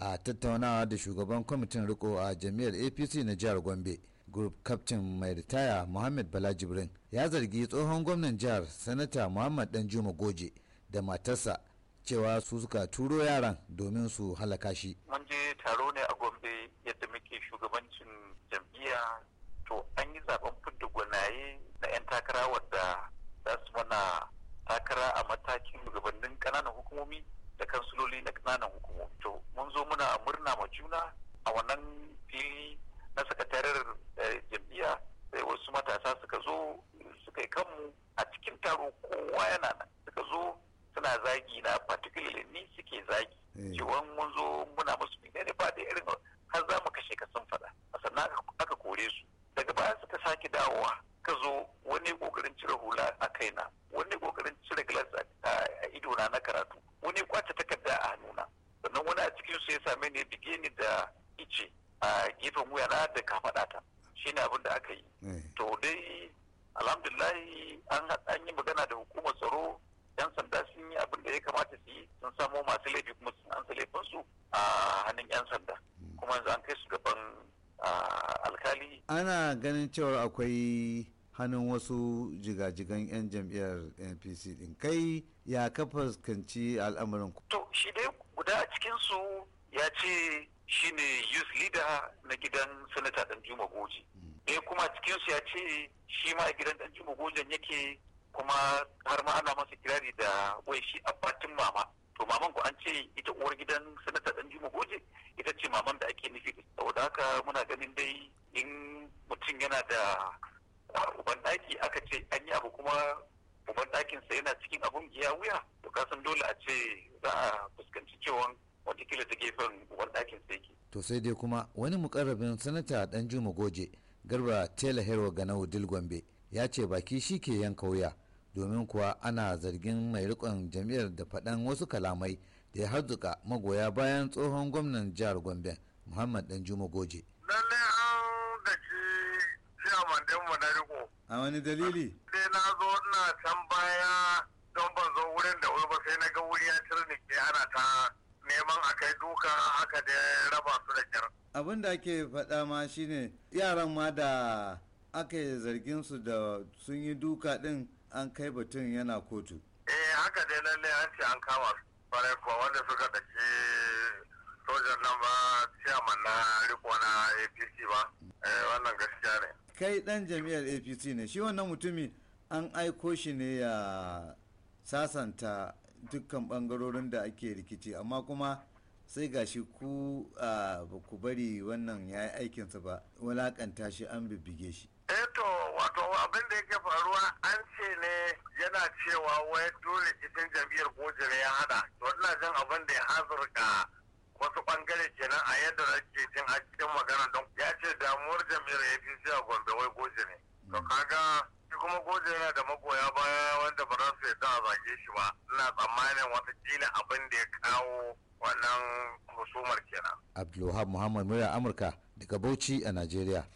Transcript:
a tattaunawa da shugaban kwamitin riko a jami'ar apc na jihar gombe group captain mai ritaya muhammad bala jibrin ya zargi tsohon gwamnan jihar sanata muhammad danjuma goje da matarsa cewa su suka turo yaran domin su halaka shi mun je taro ne a gombe yadda muke shugabancin jam'iyya to an yi zaben fidda gwanaye na 'yan takara wadda za su mana takara a matakin shugabannin ƙananan hukumomi kansuloli na ƙananan hukumomi to mun zo muna murna ma juna a wannan fili na sakatarar eh, jam'iyya sai eh, wasu matasa suka zo suka yi kanmu a cikin taro kowa yana nan suka zo suna zagi na particularly ni suke zagi eh. cewa mun zo muna musu ne ba da irin har za mu kashe ka sun faɗa sannan aka kore su daga baya suka sake dawowa ka zo wani kokarin cire hula a kaina ne bige ni da ice a gefen wuya na da ta shi ne abin da aka yi eh. to dai alhamdulahi an yi magana da hukumar tsaro yan sanda sun yi abin da ya kamata su yi sun samo masu laifi kuma sun laifin su a hannun yan sanda kuma yanzu an kai su gaban alkali ana ganin cewar akwai hannun wasu jigajigan 'yan jam'iyyar npc din kai ya ka fuskanci al'amarin to shi dai guda a su ya ce shi ne youth leader na gidan sanata juma goje ɗaya mm. eh, kuma cikinsu ya ce shi ma gidan juma gojin yake kuma har ma ana masa kirari da wai shi abatin mama to maman ku an ce ita uwar gidan sanata juma goje ita ce maman da ake nufi saboda haka muna ganin dai in mutum yana da uban ɗaki aka ce an yi abu kuma uban ɗakinsa yana cikin abun giya wuya to kasan dole a ce za a fuskanci cewa watakila ta gefen uwar ɗakin sai to sai dai kuma wani mukarrabin sanata dan juma goje garba tela hero na wudil gombe ya ce baki shi ke yanka wuya domin kuwa ana zargin mai rikon jam'iyyar da faɗan wasu kalamai da ya harzuka magoya bayan tsohon gwamnan jihar gombe muhammad dan juma goje lallai an na riko a wani dalili sai na zo ina can baya don ban zo wurin da wani ba sai na ga wuri ya ke ana ta neman a kai duka haka da raba su da kyar. abin da ake faɗa ma shine yaran ma da aka zargin su da sun yi duka ɗin an kai batun yana kotu. eh haka dai lallai an ce an kama su kwarai kuwa wanda suka daki sojan nan ba ciyaman na riko na apc ba eh, wannan gaskiya ne kai ɗan jami'ar apc ne shi wannan mutumi an aiko shi ne ya sasanta dukkan bangarorin da ake rikici amma kuma sai gashi ku ba ku bari wannan ya yi aikinsa ba walakanta shi an bibbige shi eto eh wato abin da yake faruwa an ce ne yana cewa wai dole cikin jam'iyyar gojira ya hada to ina jin abin da ya hazurka wasu bangare kenan a yadda na ke cin a cikin magana don ya ce damuwar jam'iyyar ya fi a gombe wai gojira to kaga shi kuma goje yana da magoya baya wanda ba za su a zage shi ba ina tsammanin watakila abin da ya kawo wannan husumar kenan abdulwahab muhammad murya amurka daga bauchi a najeriya